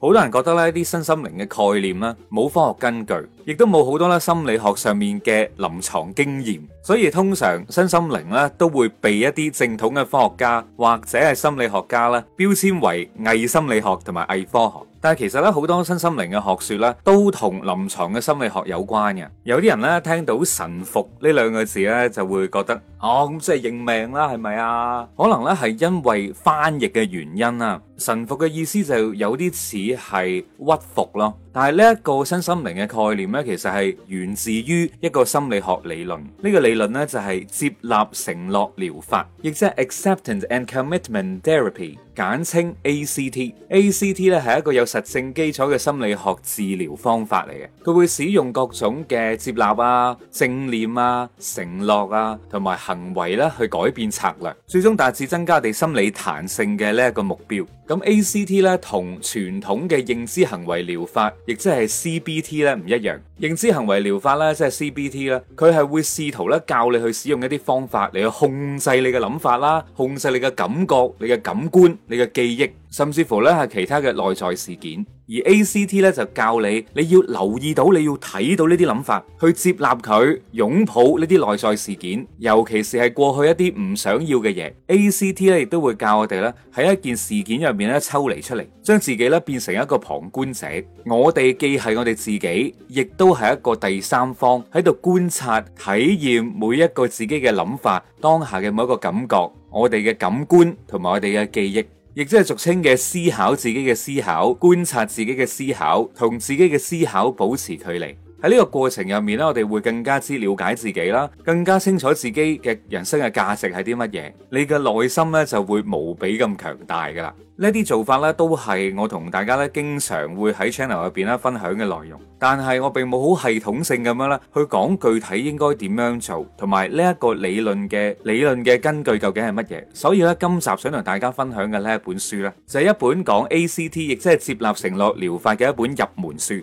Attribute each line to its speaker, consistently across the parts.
Speaker 1: 好多人覺得咧，啲身心靈嘅概念呢，冇科學根據，亦都冇好多咧心理學上面嘅臨床經驗，所以通常身心靈呢，都會被一啲正統嘅科學家或者係心理學家咧標籤為偽心理學同埋偽科學。但係其實呢，好多身心靈嘅學説呢，都同臨床嘅心理學有關嘅。有啲人呢，聽到臣服呢兩個字呢，就會覺得哦，咁即係認命啦，係咪啊？可能呢，係因為翻譯嘅原因啊。臣服嘅意思就有啲似係屈服咯，但係呢一個新心靈嘅概念呢，其實係源自於一個心理學理論。呢、這個理論呢，就係、是、接納承諾療法，亦即係 Acceptance and Commitment Therapy，簡稱 ACT。ACT 咧係一個有實證基礎嘅心理學治療方法嚟嘅，佢會使用各種嘅接納啊、正念啊、承諾啊同埋行為咧去改變策略，最終達至增加你心理彈性嘅呢一個目標。咁 ACT 咧同傳統嘅認知行為療法，亦即係 CBT 咧唔一樣。認知行為療法咧即係 CBT 咧，佢係會試圖咧教你去使用一啲方法嚟去控制你嘅諗法啦，控制你嘅感覺、你嘅感官、你嘅記憶，甚至乎咧係其他嘅內在事件。而 ACT 咧就教你，你要留意到，你要睇到呢啲諗法，去接納佢，擁抱呢啲內在事件，尤其是係過去一啲唔想要嘅嘢。ACT 咧亦都會教我哋咧喺一件事件入面咧抽離出嚟，將自己咧變成一個旁觀者。我哋既係我哋自己，亦都係一個第三方喺度觀察、體驗每一個自己嘅諗法、當下嘅每一個感覺、我哋嘅感官同埋我哋嘅記憶。亦即係俗稱嘅思考自己嘅思考，觀察自己嘅思考，同自己嘅思考保持距離。喺呢個過程入面咧，我哋會更加之了解自己啦，更加清楚自己嘅人生嘅價值係啲乜嘢，你嘅內心咧就會無比咁強大噶啦。呢啲做法咧，都係我同大家咧經常會喺 channel 入邊咧分享嘅內容。但係我並冇好系統性咁樣咧去講具體應該點樣做，同埋呢一個理論嘅理論嘅根據究竟係乜嘢。所以咧，今集想同大家分享嘅呢一本書咧，就係一本講 ACT，亦即係接納承諾療法嘅一本入門書。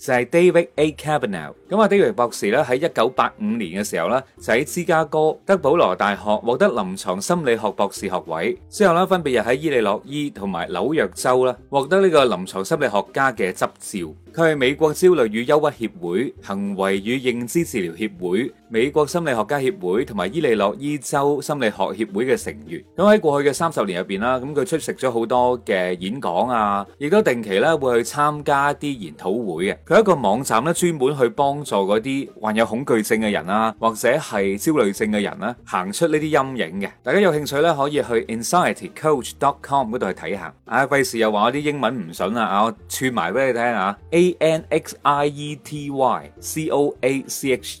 Speaker 1: 就係 David A Cabanel，咁啊 David 博士咧喺一九八五年嘅時候咧，就喺芝加哥德保羅大學獲得臨床心理學博士學位，之後咧分別又喺伊利諾伊同埋紐約州啦，獲得呢個臨床心理學家嘅執照。佢係美國焦慮與憂鬱協會、行為與認知治療協會、美國心理學家協會同埋伊利諾伊州心理學協會嘅成員。咁喺過去嘅三十年入邊啦，咁佢出席咗好多嘅演講啊，亦都定期咧會去參加啲研討會嘅。佢有一個網站咧，專門去幫助嗰啲患有恐懼症嘅人啊，或者係焦慮症嘅人啊，行出呢啲陰影嘅。大家有興趣咧，可以去 anxietycoach.com 嗰度去睇下。啊，費事又話我啲英文唔準啦啊，我串埋俾你聽啊，anxietycoach。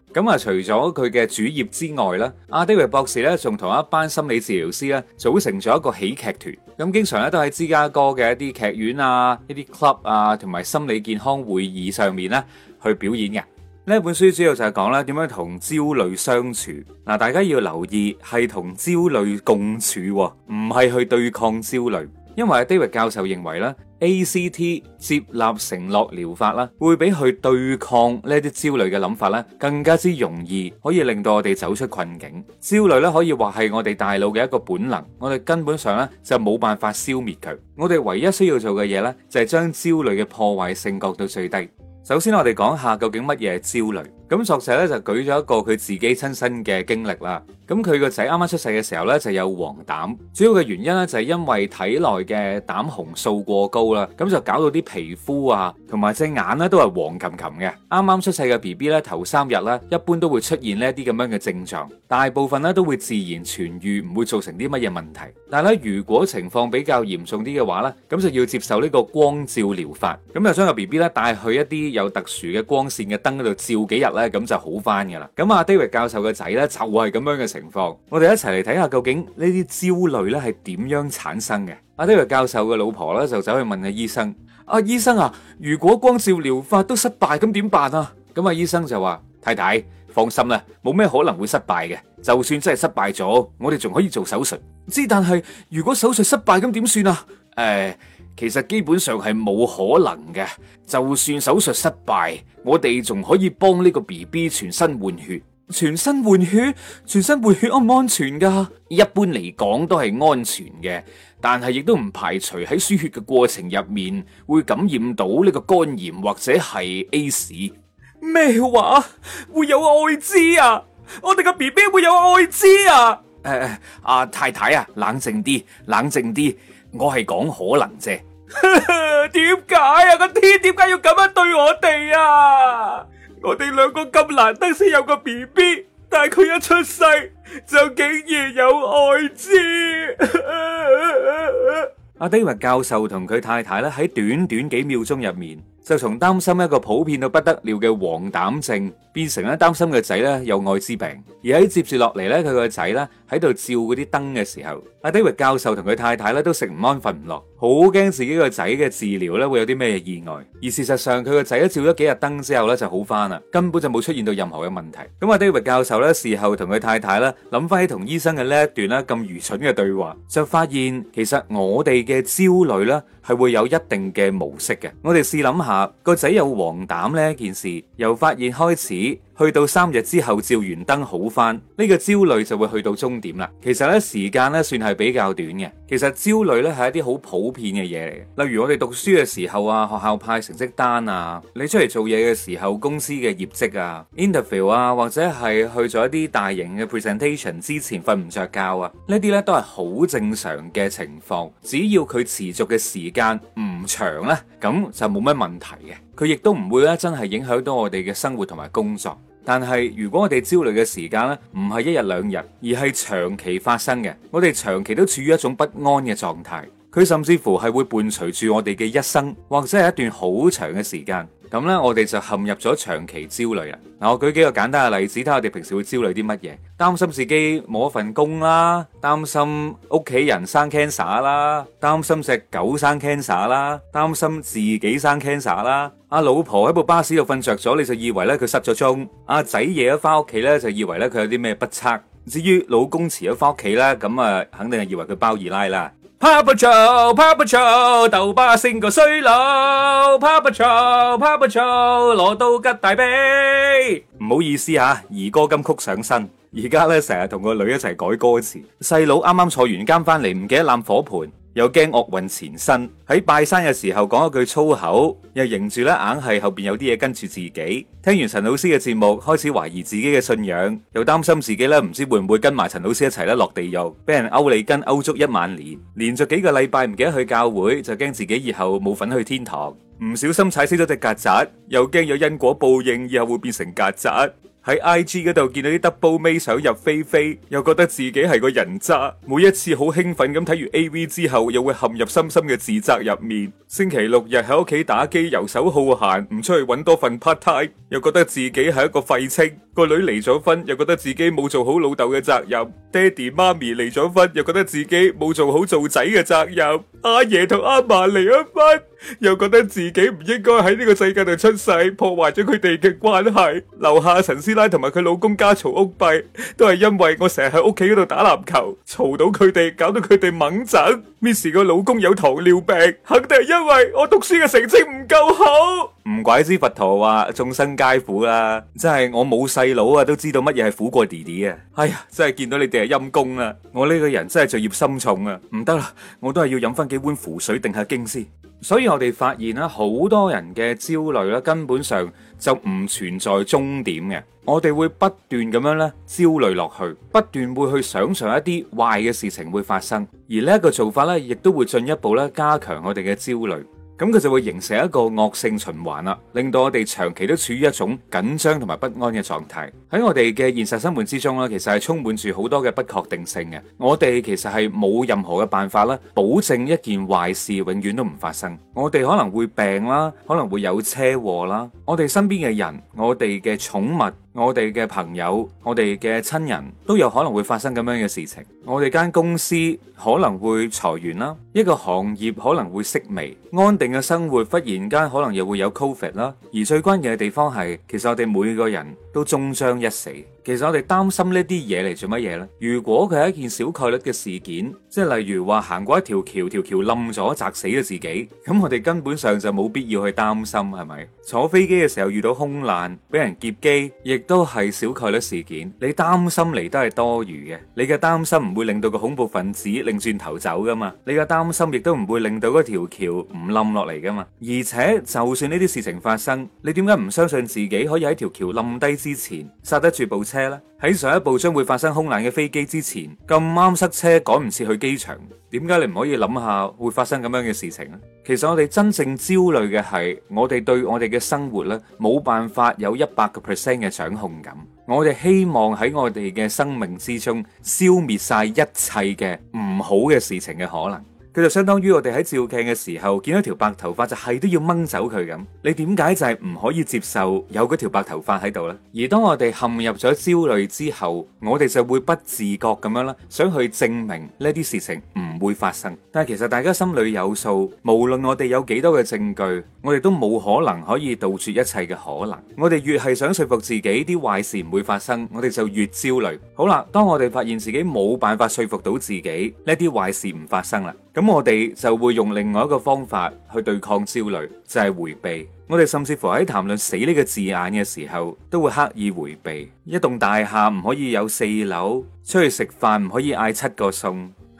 Speaker 1: 咁啊，除咗佢嘅主業之外啦，阿 David 博士咧，仲同一班心理治療師咧，組成咗一個喜劇團。咁經常咧都喺芝加哥嘅一啲劇院啊、一啲 club 啊，同埋心理健康會議上面咧去表演嘅。呢一本書主要就係講啦點樣同焦慮相處。嗱，大家要留意係同焦慮共處，唔係去對抗焦慮。因為 David 教授認為啦，ACT 接納承諾療法啦，會比去對抗呢啲焦慮嘅諗法咧，更加之容易，可以令到我哋走出困境。焦慮咧可以話係我哋大腦嘅一個本能，我哋根本上咧就冇辦法消滅佢，我哋唯一需要做嘅嘢咧就係將焦慮嘅破壞性降到最低。首先，我哋講下究竟乜嘢係焦慮。咁作者咧就舉咗一個佢自己親身嘅經歷啦。咁佢個仔啱啱出世嘅時候呢，就有黃疸，主要嘅原因呢，就係因為體內嘅膽紅素過高啦。咁就搞到啲皮膚啊同埋隻眼咧都係黃琴琴嘅。啱啱出世嘅 B B 咧頭三日呢，一般都會出現呢一啲咁樣嘅症狀，大部分呢，都會自然痊愈，唔會造成啲乜嘢問題。但係咧，如果情況比較嚴重啲嘅話呢，咁就要接受呢個光照療法，咁就將個 B B 咧帶去一啲有特殊嘅光線嘅燈嗰度照幾日咧。咁就好翻噶啦。咁阿 David 教授嘅仔咧就會係咁樣嘅情況。我哋一齊嚟睇下究竟呢啲焦慮咧係點樣產生嘅。阿 David 教授嘅老婆咧就走去問下醫生，阿醫生啊，如果光照療法都失敗，咁點辦啊？咁阿醫生就話，太太放心啦，冇咩可能會失敗嘅。就算真係失敗咗，我哋仲可以做手術。之但係如果手術失敗咁點算啊？誒。其實基本上係冇可能嘅，就算手術失敗，我哋仲可以幫呢個 B B 全，全身換血。全身換血，全身換血安唔安全㗎？一般嚟講都係安全嘅，但係亦都唔排除喺輸血嘅過程入面會感染到呢個肝炎或者係 A 市。咩話？會有艾滋啊？我哋個 B B 會有艾滋啊？誒誒、呃、阿、啊、太太啊，冷靜啲，冷靜啲。我係講可能啫，呵呵， 點解啊？個天點解要咁樣對我哋啊？我哋兩個咁難得先有個 B B，但係佢一出世就竟然有愛滋。 阿 David 教授同佢太太咧喺短短幾秒鐘入面。就從擔心一個普遍到不得了嘅黃疸症，變成咧擔心個仔咧有愛滋病。而喺接住落嚟咧，佢個仔咧喺度照嗰啲燈嘅時候，阿 David 教授同佢太太咧都食唔安，瞓唔落，好驚自己個仔嘅治療咧會有啲咩意外。而事實上，佢個仔咧照咗幾日燈之後咧就好翻啦，根本就冇出現到任何嘅問題。咁阿 David 教授咧事後同佢太太咧諗翻起同醫生嘅呢一段咧咁愚蠢嘅對話，就發現其實我哋嘅焦慮咧係會有一定嘅模式嘅。我哋試諗下。個仔啊，有黃疸呢件事，由發現開始，去到三日之後，照完燈好翻，呢個焦慮就會去到終點啦。其實呢，時間咧算係比較短嘅。其實焦慮咧係一啲好普遍嘅嘢嚟。例如我哋讀書嘅時候啊，學校派成績單啊，你出嚟做嘢嘅時候，公司嘅業績啊，interview 啊，或者係去咗一啲大型嘅 presentation 之前，瞓唔着覺啊，呢啲呢都係好正常嘅情況。只要佢持續嘅時間唔長咧，咁就冇乜問題嘅。佢亦都唔會咧真係影響到我哋嘅生活同埋工作。但係，如果我哋焦慮嘅時間呢，唔係一日兩日，而係長期發生嘅，我哋長期都處於一種不安嘅狀態。佢甚至乎係會伴隨住我哋嘅一生，或者係一段好長嘅時間。咁咧，我哋就陷入咗長期焦慮啦。嗱，我舉幾個簡單嘅例子，睇下我哋平時會焦慮啲乜嘢。擔心自己冇咗份工啦，擔心屋企人生 cancer 啦，擔心隻狗生 cancer 啦，擔心自己生 cancer 啦。阿老婆喺部巴士度瞓著咗，你就以為咧佢失咗蹤；阿仔夜咗翻屋企咧，就以為咧佢有啲咩不測。至於老公遲咗翻屋企啦，咁啊，肯定係以為佢包二奶啦。怕不臭，怕不臭，豆爸勝個衰佬。怕不臭，怕不臭，攞刀吉大悲。唔好意思吓、啊，兒歌金曲上身，而家咧成日同個女一齊改歌詞。細佬啱啱坐完監翻嚟，唔記得攬火盆。又驚惡運纏身，喺拜山嘅時候講一句粗口，又迎住咧硬係後邊有啲嘢跟住自己。聽完陳老師嘅節目，開始懷疑自己嘅信仰，又擔心自己咧唔知會唔會跟埋陳老師一齊咧落地獄，俾人勾脷根，勾足一萬年，連續幾個禮拜唔記得去教會，就驚自己以後冇份去天堂。唔小心踩死咗隻曱甴，又驚有因果報應，以後會變成曱甴。喺 IG 嗰度見到啲 double 妹想入非非，又覺得自己係個人渣。每一次好興奮咁睇完 AV 之後，又會陷入深深嘅自責入面。星期六日喺屋企打機遊手好閒，唔出去揾多份 part time，又覺得自己係一個廢青。個女離咗婚，又覺得自己冇做好老豆嘅責任。爹哋媽咪離咗婚，又覺得自己冇做好做仔嘅責任。阿爺同阿嫲離咗婚，又覺得自己唔應該喺呢個世界度出世，破壞咗佢哋嘅關係，樓下陳師奶同埋佢老公家嘈屋閉，都係因為我成日喺屋企嗰度打籃球，嘈到佢哋，搞到佢哋猛震。Miss 個老公有糖尿病，肯定係因為我讀書嘅成績唔夠好。唔怪之佛陀話眾生皆苦啦、啊，真係我冇細佬啊，都知道乜嘢係苦過弟弟啊。哎呀，真係見到你哋係陰功啦，我呢個人真係罪孽深重啊，唔得啦，我都係要飲翻幾碗符水定下經先。所以我哋發現咧，好多人嘅焦慮咧，根本上就唔存在終點嘅。我哋會不斷咁樣咧焦慮落去，不斷會去想象一啲壞嘅事情會發生，而呢個做法咧，亦都會進一步咧加強我哋嘅焦慮。咁佢就會形成一個惡性循環啦，令到我哋長期都處於一種緊張同埋不安嘅狀態。喺我哋嘅現實生活之中呢，其實係充滿住好多嘅不確定性嘅。我哋其實係冇任何嘅辦法啦，保證一件壞事永遠都唔發生。我哋可能會病啦，可能會有車禍啦。我哋身邊嘅人、我哋嘅寵物、我哋嘅朋友、我哋嘅親人，都有可能會發生咁樣嘅事情。我哋間公司可能會裁員啦，一個行業可能會式微。安定嘅生活，忽然間可能又會有 COVID 啦。而最關鍵嘅地方係，其實我哋每個人都終將一死。其實我哋擔心呢啲嘢嚟做乜嘢呢？如果佢係一件小概率嘅事件，即係例如話行過一條橋，條橋冧咗砸死咗自己，咁我哋根本上就冇必要去擔心，係咪？坐飛機嘅時候遇到空難，俾人劫機，亦都係小概率事件。你擔心嚟都係多餘嘅。你嘅擔心唔會令到個恐怖分子擰轉頭走噶嘛？你嘅擔心亦都唔會令到嗰條橋唔冧落嚟噶嘛？而且就算呢啲事情發生，你點解唔相信自己可以喺條橋冧低之前剎得住步？車啦，喺上一部將會發生空難嘅飛機之前，咁啱塞車，趕唔切去機場，點解你唔可以諗下會發生咁樣嘅事情咧？其實我哋真正焦慮嘅係，我哋對我哋嘅生活咧，冇辦法有一百個 percent 嘅掌控感。我哋希望喺我哋嘅生命之中，消滅晒一切嘅唔好嘅事情嘅可能。佢就相當於我哋喺照鏡嘅時候，見到條白頭髮就係都要掹走佢咁，你點解就係唔可以接受有嗰條白頭髮喺度呢？而當我哋陷入咗焦慮之後，我哋就會不自覺咁樣啦，想去證明呢啲事情唔唔會發生，但係其實大家心裏有數。無論我哋有幾多嘅證據，我哋都冇可能可以杜絕一切嘅可能。我哋越係想說服自己啲壞事唔會發生，我哋就越焦慮。好啦，當我哋發現自己冇辦法說服到自己呢啲壞事唔發生啦，咁我哋就會用另外一個方法去對抗焦慮，就係回避。我哋甚至乎喺談論死呢個字眼嘅時候，都會刻意回避。一棟大廈唔可以有四樓，出去食飯唔可以嗌七個餸。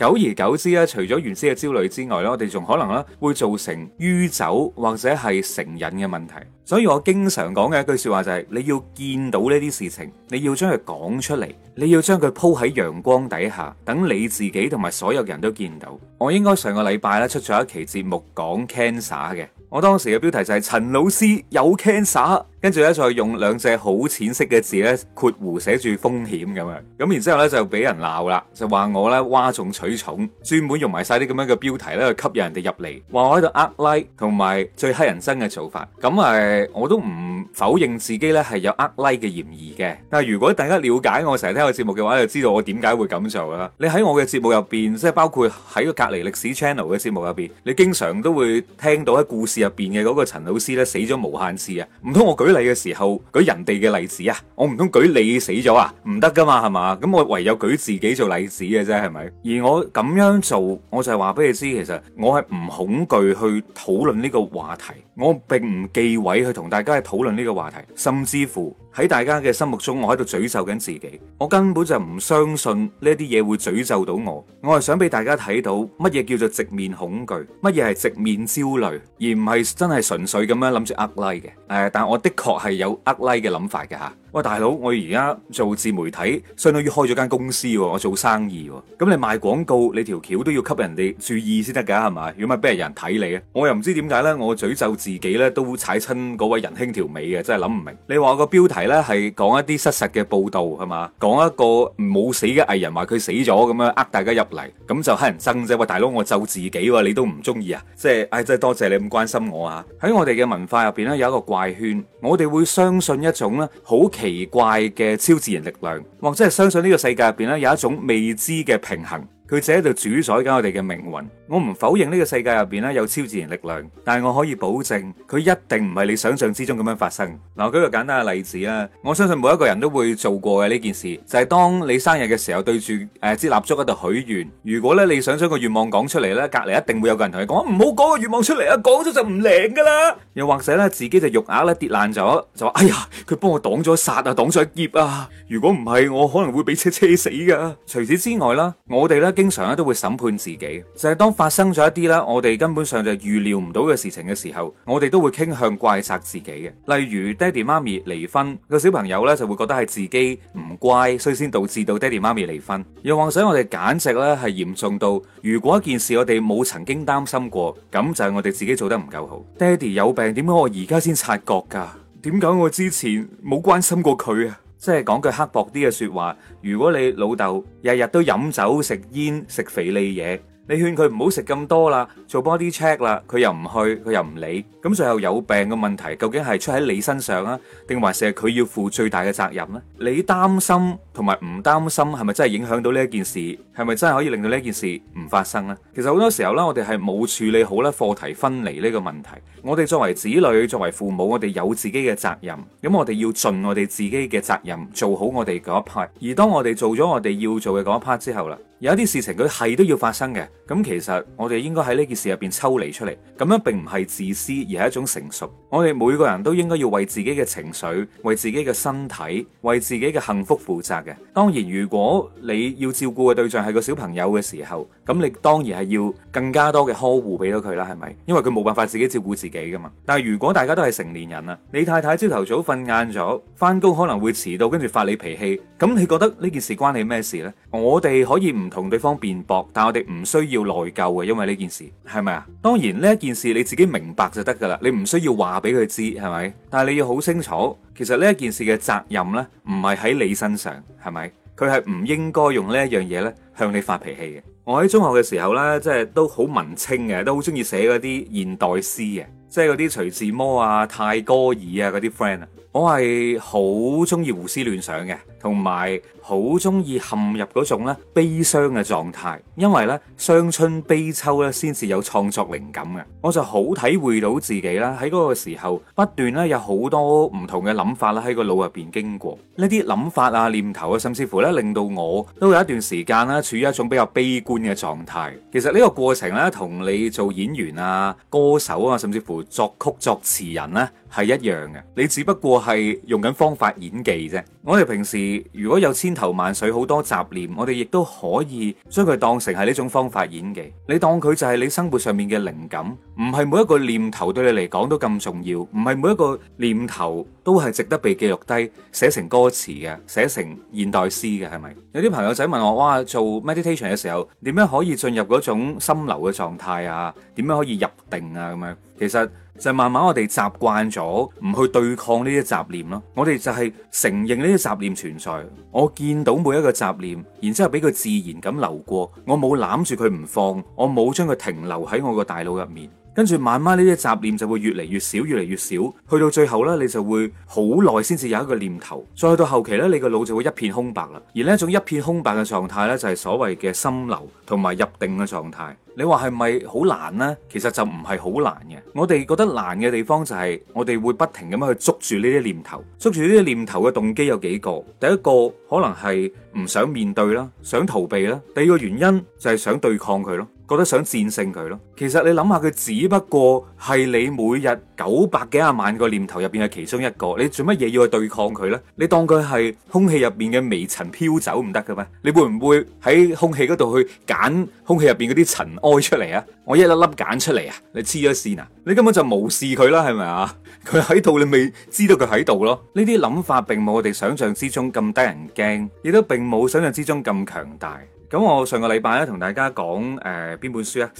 Speaker 1: 久而久之咧，除咗原先嘅焦慮之外咧，我哋仲可能咧會造成酗酒或者係成癮嘅問題。所以我經常講嘅一句説話就係，你要見到呢啲事情，你要將佢講出嚟，你要將佢鋪喺陽光底下，等你自己同埋所有人都見到。我應該上個禮拜咧出咗一期節目講 cancer 嘅，我當時嘅標題就係陳老師有 cancer，跟住咧再用兩隻好淺色嘅字咧括弧寫住風險咁樣，咁然之後咧就俾人鬧啦，就話我咧嘩眾取寵，專門用埋晒啲咁樣嘅標題咧去吸引人哋入嚟，話我喺度呃 like 同埋最乞人憎嘅做法，咁係。我都唔否認自己咧係有呃 like 嘅嫌疑嘅，但係如果大家了解我成日聽我節目嘅話，就知道我點解會咁做噶啦。你喺我嘅節目入邊，即係包括喺個隔離歷史 channel 嘅節目入邊，你經常都會聽到喺故事入邊嘅嗰個陳老師咧死咗無限次啊！唔通我舉例嘅時候舉人哋嘅例子啊？我唔通舉你死咗啊？唔得噶嘛，係嘛？咁我唯有舉自己做例子嘅啫，係咪？而我咁樣做，我就係話俾你知，其實我係唔恐懼去討論呢個話題。我並唔忌諱去同大家去討論呢個話題，甚至乎喺大家嘅心目中，我喺度詛咒緊自己，我根本就唔相信呢啲嘢會詛咒到我。我係想俾大家睇到乜嘢叫做直面恐懼，乜嘢係直面焦慮，而唔係真係純粹咁樣諗住呃拉嘅。誒、呃，但我的確係有呃拉嘅諗法嘅吓。喂，大佬，我而家做自媒體，相當於開咗間公司，我做生意。咁你賣廣告，你條橋都要吸引人哋注意先得噶，係咪？如果唔係，邊有人睇你啊？我又唔知點解呢。我詛咒自己呢，都踩親嗰位仁兄條尾啊！真係諗唔明。你話個標題呢，係講一啲失實嘅報道，係嘛？講一個冇死嘅藝人話佢死咗，咁樣呃大家入嚟，咁就乞人憎啫。喂，大佬，我咒自己，你都唔中意啊？即係，唉，真係多謝你咁關心我啊！喺我哋嘅文化入邊呢，有一個怪圈，我哋會相信一種呢。好。奇怪嘅超自然力量，或者係相信呢個世界入邊咧有一種未知嘅平衡。佢就喺度主宰緊我哋嘅命運。我唔否認呢個世界入邊咧有超自然力量，但係我可以保證，佢一定唔係你想象之中咁樣發生。嗱，舉個簡單嘅例子啦，我相信每一個人都會做過嘅呢件事，就係當你生日嘅時候，對住誒支蠟燭喺度許願。如果咧你想將個願望講出嚟咧，隔籬一定會有個人同你講：唔好講個願望出嚟啊，講咗就唔靈噶啦！又或者咧，自己就玉鈪咧跌爛咗，就話：哎呀，佢幫我擋咗煞啊，擋咗劫啊！如果唔係，我可能會俾車車死噶。除此之外啦，我哋咧。經常咧都會審判自己，就係、是、當發生咗一啲咧，我哋根本上就預料唔到嘅事情嘅時候，我哋都會傾向怪責自己嘅。例如爹哋媽咪離婚，個小朋友咧就會覺得係自己唔乖，所以先導致到爹哋媽咪離婚。又或者我哋簡直咧係嚴重到，如果一件事我哋冇曾經擔心過，咁就係我哋自己做得唔夠好。爹哋有病，點解我而家先察覺㗎？點解我之前冇關心過佢啊？即係講句刻薄啲嘅説話，如果你老豆日日都飲酒、食煙、食肥膩嘢。你勸佢唔好食咁多啦，做 body check 啦，佢又唔去，佢又唔理，咁最後有病嘅問題究竟係出喺你身上啊，定還是係佢要負最大嘅責任咧？你擔心同埋唔擔心係咪真係影響到呢一件事？係咪真係可以令到呢一件事唔發生咧？其實好多時候咧，我哋係冇處理好咧課題分離呢個問題。我哋作為子女，作為父母，我哋有自己嘅責任，咁我哋要盡我哋自己嘅責任，做好我哋嗰一 part。而當我哋做咗我哋要做嘅嗰一 part 之後啦。有一啲事情佢係都要發生嘅，咁其實我哋應該喺呢件事入邊抽離出嚟，咁樣並唔係自私，而係一種成熟。我哋每個人都應該要為自己嘅情緒、為自己嘅身體、為自己嘅幸福負責嘅。當然，如果你要照顧嘅對象係個小朋友嘅時候。咁你當然係要更加多嘅呵護俾到佢啦，係咪？因為佢冇辦法自己照顧自己噶嘛。但係如果大家都係成年人啊，你太太朝頭早瞓晏咗，翻工可能會遲到，跟住發你脾氣，咁你覺得呢件事關你咩事呢？我哋可以唔同對方辯駁，但我哋唔需要內疚嘅，因為呢件事係咪啊？當然呢一件事你自己明白就得噶啦，你唔需要話俾佢知，係咪？但係你要好清楚，其實呢一件事嘅責任呢，唔係喺你身上，係咪？佢係唔應該用呢一樣嘢咧向你發脾氣嘅。我喺中學嘅時候咧，即係都好文青嘅，都好中意寫嗰啲現代詩嘅，即係嗰啲徐志摩啊、泰戈爾啊嗰啲 friend 啊。我係好中意胡思亂想嘅，同埋好中意陷入嗰種咧悲傷嘅狀態，因為咧傷春悲秋咧先至有創作靈感嘅。我就好體會到自己啦，喺嗰個時候不斷咧有好多唔同嘅諗法啦喺個腦入邊經過，呢啲諗法啊念頭啊，甚至乎咧令到我都有一段時間啦處於一種比較悲觀嘅狀態。其實呢個過程咧同你做演員啊、歌手啊，甚至乎作曲作詞人咧、啊。係一樣嘅，你只不過係用緊方法演技啫。我哋平時如果有千頭萬緒好多雜念，我哋亦都可以將佢當成係呢種方法演技。你當佢就係你生活上面嘅靈感，唔係每一個念頭對你嚟講都咁重要，唔係每一個念頭都係值得被記錄低、寫成歌詞嘅、寫成現代詩嘅，係咪？有啲朋友仔問我，哇，做 meditation 嘅時候點樣可以進入嗰種心流嘅狀態啊？點樣可以入定啊？咁樣其實。就慢慢我哋習慣咗唔去對抗呢啲雜念咯，我哋就係承認呢啲雜念存在。我見到每一個雜念，然之後俾佢自然咁流過。我冇攬住佢唔放，我冇將佢停留喺我個大腦入面。跟住慢慢呢啲雜念就會越嚟越少，越嚟越少，去到最後呢，你就會好耐先至有一個念頭。再去到後期呢，你個腦就會一片空白啦。而呢種一片空白嘅狀態呢，就係所謂嘅心流同埋入定嘅狀態。你話係咪好難呢？其實就唔係好難嘅。我哋覺得難嘅地方就係我哋會不停咁樣去捉住呢啲念頭，捉住呢啲念頭嘅動機有幾個？第一個可能係唔想面對啦，想逃避啦。第二個原因就係想對抗佢咯。覺得想戰勝佢咯，其實你諗下佢只不過係你每日九百幾廿萬個念頭入邊嘅其中一個，你做乜嘢要去對抗佢呢？你當佢係空氣入邊嘅微塵飄走唔得嘅咩？你會唔會喺空氣嗰度去揀空氣入邊嗰啲塵埃出嚟啊？我一粒粒揀出嚟啊！你黐咗線啊！你根本就無視佢啦，係咪啊？佢喺度你未知道佢喺度咯？呢啲諗法並冇我哋想象之中咁得人驚，亦都並冇想象之中咁強大。咁我上個禮拜咧同大家講誒邊本書啊？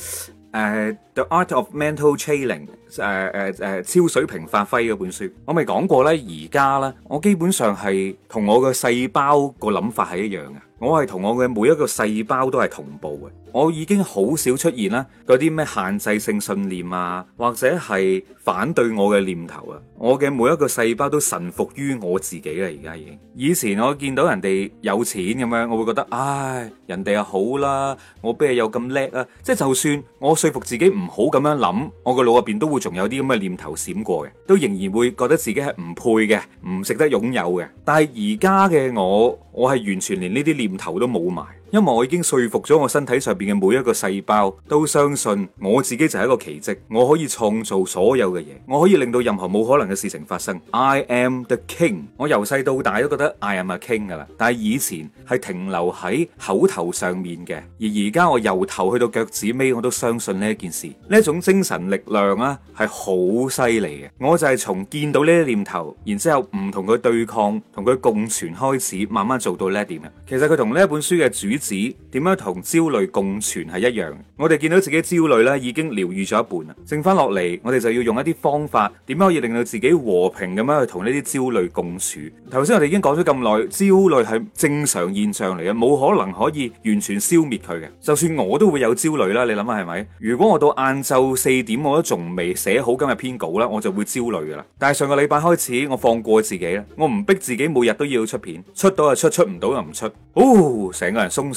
Speaker 1: 呃《誒《The Art of Mental Training》誒、呃、誒誒、呃、超水平發揮嗰本書，我咪講過呢，而家呢，我基本上係同我個細胞個諗法係一樣嘅，我係同我嘅每一個細胞都係同步嘅。我已經好少出現啦，嗰啲咩限制性信念啊，或者係反對我嘅念頭啊，我嘅每一個細胞都臣服於我自己啦。而家已經，以前我見到人哋有錢咁樣，我會覺得唉，人哋又好啦，我邊有咁叻啊！即係就算我說服自己唔好咁樣諗，我個腦入邊都會仲有啲咁嘅念頭閃過嘅，都仍然會覺得自己係唔配嘅，唔值得擁有嘅。但係而家嘅我，我係完全連呢啲念頭都冇埋。因為我已經說服咗我身體上邊嘅每一個細胞，都相信我自己就係一個奇蹟，我可以創造所有嘅嘢，我可以令到任何冇可能嘅事情發生。I am the king。我由細到大都覺得 I am a king 噶啦，但係以前係停留喺口頭上面嘅，而而家我由頭去到腳趾尾，我都相信呢一件事，呢一種精神力量啊，係好犀利嘅。我就係從見到呢啲念頭，然之後唔同佢對抗，同佢共存開始，慢慢做到呢一點嘅。其實佢同呢一本書嘅主。指點樣同焦慮共存係一樣，我哋見到自己焦慮咧已經療癒咗一半啦，剩返落嚟我哋就要用一啲方法，點樣可以令到自己和平咁樣去同呢啲焦慮共處。頭先我哋已經講咗咁耐，焦慮係正常現象嚟嘅，冇可能可以完全消滅佢嘅。就算我都會有焦慮啦，你諗下係咪？如果我到晏晝四點我都仲未寫好今日篇稿啦，我就會焦慮噶啦。但係上個禮拜開始，我放過自己啦，我唔逼自己每日都要出片，出到就出，出唔到就唔出。哦，成個人鬆。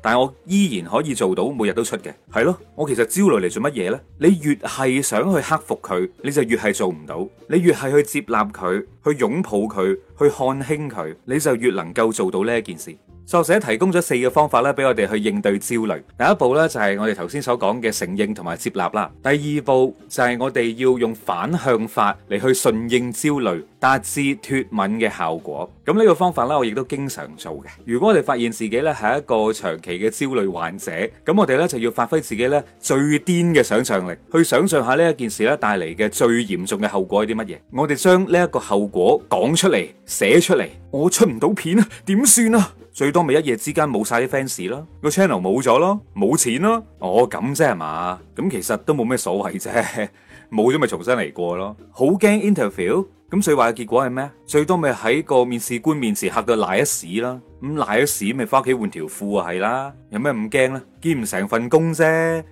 Speaker 1: 但係我依然可以做到每日都出嘅，係咯。我其實焦慮嚟？做乜嘢呢？你越係想去克服佢，你就越係做唔到；你越係去接納佢、去擁抱佢、去看輕佢，你就越能夠做到呢一件事。作者提供咗四個方法咧，俾我哋去應對焦慮。第一步咧就係我哋頭先所講嘅承認同埋接納啦。第二步就係我哋要用反向法嚟，去順應焦慮，達至脫敏嘅效果。咁、這、呢個方法咧，我亦都經常做嘅。如果我哋發現自己咧係一個長期嘅焦慮患者，咁我哋咧就要發揮自己咧最癲嘅想象力，去想象下呢一件事咧帶嚟嘅最嚴重嘅後果係啲乜嘢。我哋將呢一個後果講出嚟，寫出嚟。我出唔到片啊，點算啊？最多咪一夜之間冇晒啲 fans 啦，個 channel 冇咗咯，冇錢咯。哦，咁啫係嘛？咁其實都冇咩所謂啫，冇咗咪重新嚟過咯。好驚 interview，咁最壞嘅結果係咩？最多咪喺個面試官面前嚇到瀨一屎啦。咁咗屎咪翻屋企換條褲啊，係啦，有咩唔驚咧？見唔成份工啫，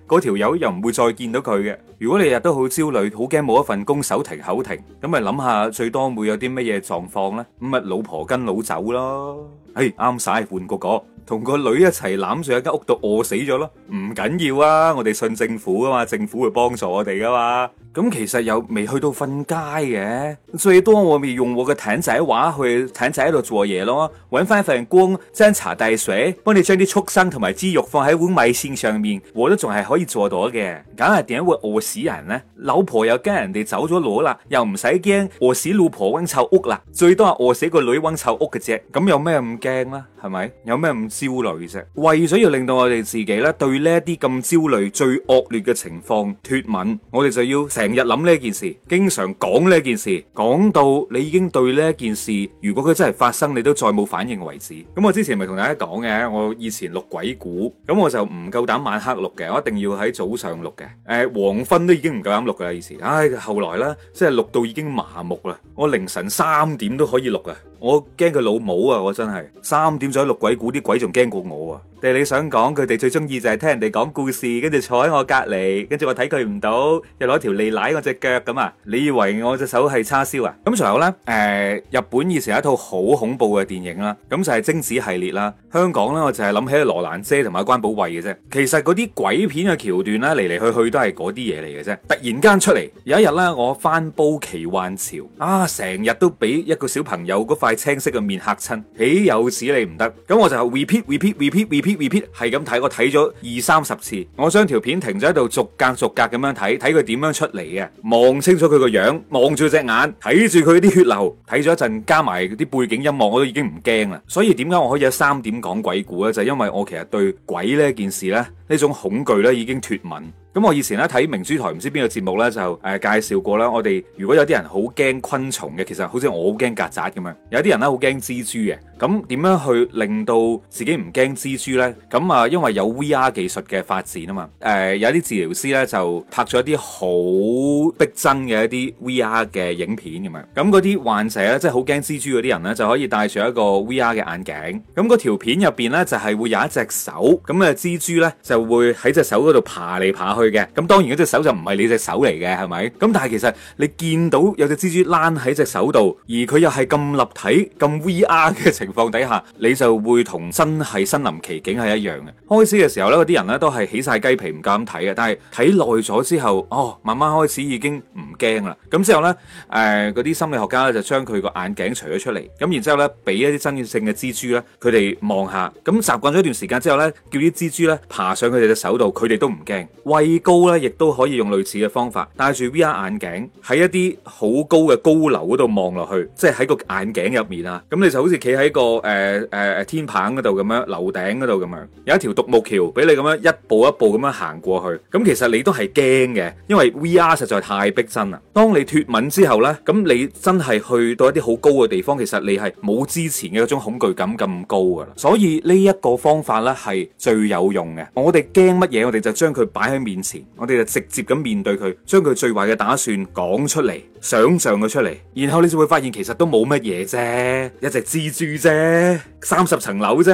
Speaker 1: 嗰條友又唔會再見到佢嘅。如果你日都好焦慮，好驚冇一份工，手停口停，咁咪諗下最多會有啲乜嘢狀況呢？咁啊，老婆跟老婆走咯，係啱晒，換個個。同個女一齊攬住喺間屋度餓死咗咯，唔緊要啊！我哋信政府啊嘛，政府會幫助我哋噶嘛。咁、嗯、其實又未去到瞓街嘅、啊，最多我咪用我個艇仔話去艇仔喺度做嘢咯，搵翻份工，斟茶遞水，幫你將啲畜生同埋豬肉放喺碗米線上面，我都仲係可以做到嘅。梗係點會餓死人呢？老婆又跟人哋走咗佬啦，又唔使驚餓死老婆溫臭屋啦。最多係餓死個女溫臭屋嘅啫。咁有咩咁驚啊？係咪有咩咁焦慮啫？為咗要令到我哋自己咧對呢一啲咁焦慮最惡劣嘅情況脱敏，我哋就要成日諗呢一件事，經常講呢一件事，講到你已經對呢一件事，如果佢真係發生，你都再冇反應為止。咁我之前咪同大家講嘅，我以前錄鬼故，咁我就唔夠膽晚黑錄嘅，我一定要喺早上錄嘅。誒，黃昏都已經唔夠膽錄噶啦，以前。唉，後來呢，即係錄到已經麻木啦，我凌晨三點都可以錄啊。我驚佢老母啊！我真係三點左右錄鬼故，啲鬼仲驚過我啊！定你想講佢哋最中意就係聽人哋講故事，跟住坐喺我隔離，跟住我睇佢唔到，又攞條脷舐我隻腳咁啊！你以為我隻手係叉燒啊？咁仲有呢，誒、呃、日本以前有一套好恐怖嘅電影啦，咁就係貞子系列啦。香港呢，我就係諗起羅蘭姐同埋關寶慧嘅啫。其實嗰啲鬼片嘅橋段呢，嚟嚟去去都係嗰啲嘢嚟嘅啫。突然間出嚟有一日呢，我翻煲《奇幻潮》，啊，成日都俾一個小朋友嗰塊青色嘅面嚇親，豈有此理唔得？咁我就 repeat repeat repeat repeat。Repeat 係咁睇，我睇咗二三十次，我將條片停咗喺度，逐格逐格咁樣睇，睇佢點樣出嚟嘅，望清楚佢個樣，望住隻眼，睇住佢啲血流，睇咗一陣，加埋啲背景音樂，我都已經唔驚啦。所以點解我可以有三點講鬼故咧？就係因為我其實對鬼呢件事呢。呢種恐懼咧已經脫敏。咁我以前咧睇明珠台唔知邊個節目咧就誒介紹過啦。我哋如果有啲人好驚昆蟲嘅，其實好似我好驚曱甴咁樣。有啲人咧好驚蜘蛛嘅。咁點樣去令到自己唔驚蜘蛛呢？咁啊，因為有 VR 技術嘅發展啊嘛。誒有啲治療師咧就拍咗一啲好逼真嘅一啲 VR 嘅影片咁樣。咁嗰啲患者咧即係好驚蜘蛛嗰啲人咧就可以戴住一個 VR 嘅眼鏡。咁嗰條片入邊咧就係會有一隻手咁嘅蜘蛛咧就會喺隻手嗰度爬嚟爬去嘅，咁當然嗰隻手就唔係你隻手嚟嘅，係咪？咁但係其實你見到有隻蜘蛛躝喺隻手度，而佢又係咁立體，咁 VR 嘅情況底下，你就會同真係身臨其境係一樣嘅。開始嘅時候呢，嗰啲人呢都係起晒雞皮，唔敢睇嘅。但係睇耐咗之後，哦，慢慢開始已經唔驚啦。咁之後呢，誒、呃，嗰啲心理學家咧就將佢個眼鏡除咗出嚟，咁然之後咧俾一啲真正嘅蜘蛛呢，佢哋望下，咁習慣咗一段時間之後呢，叫啲蜘蛛呢爬上。佢哋嘅手度，佢哋都唔驚。畏高咧，亦都可以用類似嘅方法，戴住 VR 眼鏡喺一啲好高嘅高樓嗰度望落去，即係喺個眼鏡入面啊。咁你就好似企喺個誒誒誒天棚嗰度咁樣，樓頂嗰度咁樣，有一條獨木橋俾你咁樣一步一步咁樣行過去。咁其實你都係驚嘅，因為 VR 實在太逼真啦。當你脫敏之後咧，咁你真係去到一啲好高嘅地方，其實你係冇之前嘅嗰種恐懼感咁高噶啦。所以呢一個方法咧，係最有用嘅。我哋。驚乜嘢？我哋就將佢擺喺面前，我哋就直接咁面對佢，將佢最壞嘅打算講出嚟，想象佢出嚟，然後你就會發現其實都冇乜嘢啫，一隻蜘蛛啫，三十層樓啫，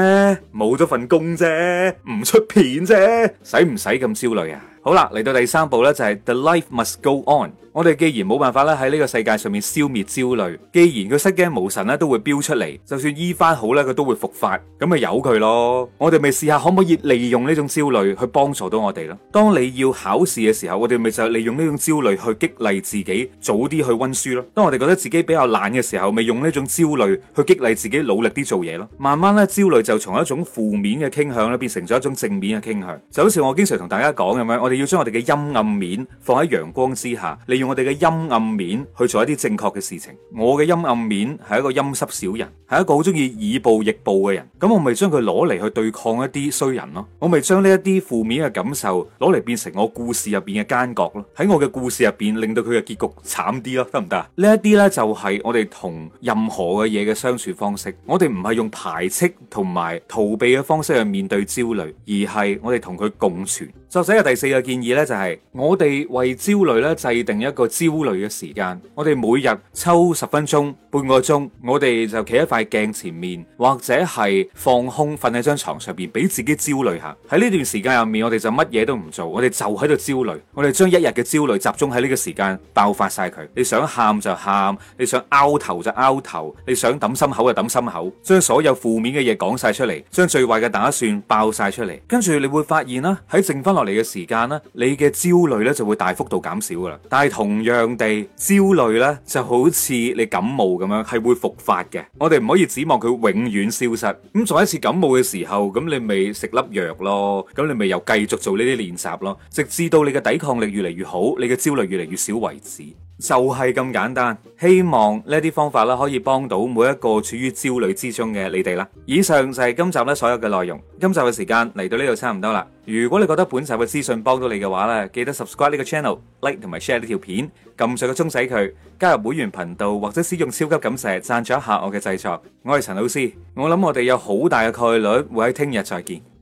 Speaker 1: 冇咗份工啫，唔出片啫，使唔使咁焦慮啊？好啦，嚟到第三步咧，就係 The life must go on。我哋既然冇辦法咧喺呢個世界上面消滅焦慮，既然佢失驚無神咧都會飆出嚟，就算醫翻好咧佢都會復發，咁咪由佢咯。我哋咪試下可唔可以利用呢種焦慮去幫助到我哋咯？當你要考試嘅時候，我哋咪就利用呢種焦慮去激勵自己早啲去溫書咯。當我哋覺得自己比較懶嘅時候，咪用呢種焦慮去激勵自己努力啲做嘢咯。慢慢咧焦慮就從一種負面嘅傾向咧變成咗一種正面嘅傾向。就好似我經常同大家講咁樣，我哋。要將我哋嘅陰暗面放喺陽光之下，利用我哋嘅陰暗面去做一啲正確嘅事情。我嘅陰暗面係一個陰濕小人，係一個好中意以暴易暴嘅人。咁我咪將佢攞嚟去對抗一啲衰人咯。我咪將呢一啲負面嘅感受攞嚟變成我故事入邊嘅奸角咯。喺我嘅故事入邊，令到佢嘅結局慘啲咯，得唔得？呢一啲呢就係我哋同任何嘅嘢嘅相處方式。我哋唔係用排斥同埋逃避嘅方式去面對焦慮，而係我哋同佢共存。作者嘅第四個建議呢，就是，就係我哋為焦慮呢，制定一個焦慮嘅時間，我哋每日抽十分鐘。半個鐘，我哋就企喺塊鏡前面，或者係放空，瞓喺張床上邊，俾自己焦慮下。喺呢段時間入面，我哋就乜嘢都唔做，我哋就喺度焦慮。我哋將一日嘅焦慮集中喺呢個時間，爆發晒佢。你想喊就喊，你想拗頭就拗頭，你想抌心口就抌心口，將所有負面嘅嘢講晒出嚟，將最壞嘅打算爆晒出嚟。跟住你會發現啦，喺剩翻落嚟嘅時間啦，你嘅焦慮呢就會大幅度減少噶啦。但係同樣地，焦慮呢就好似你感冒咁。係會復發嘅，我哋唔可以指望佢永遠消失。咁、嗯、再一次感冒嘅時候，咁你咪食粒藥咯，咁你咪又繼續做呢啲練習咯，直至到你嘅抵抗力越嚟越好，你嘅焦慮越嚟越少為止。就係咁簡單，希望呢啲方法啦可以幫到每一個處於焦慮之中嘅你哋啦。以上就係今集咧所有嘅內容，今集嘅時間嚟到呢度差唔多啦。如果你覺得本集嘅資訊幫到你嘅話咧，記得 subscribe 呢個 channel，like 同埋 share 呢條片，撳上個鐘仔佢，加入會員頻道或者使用超級感謝贊助一下我嘅製作。我係陳老 C，我諗我哋有好大嘅概率會喺聽日再見。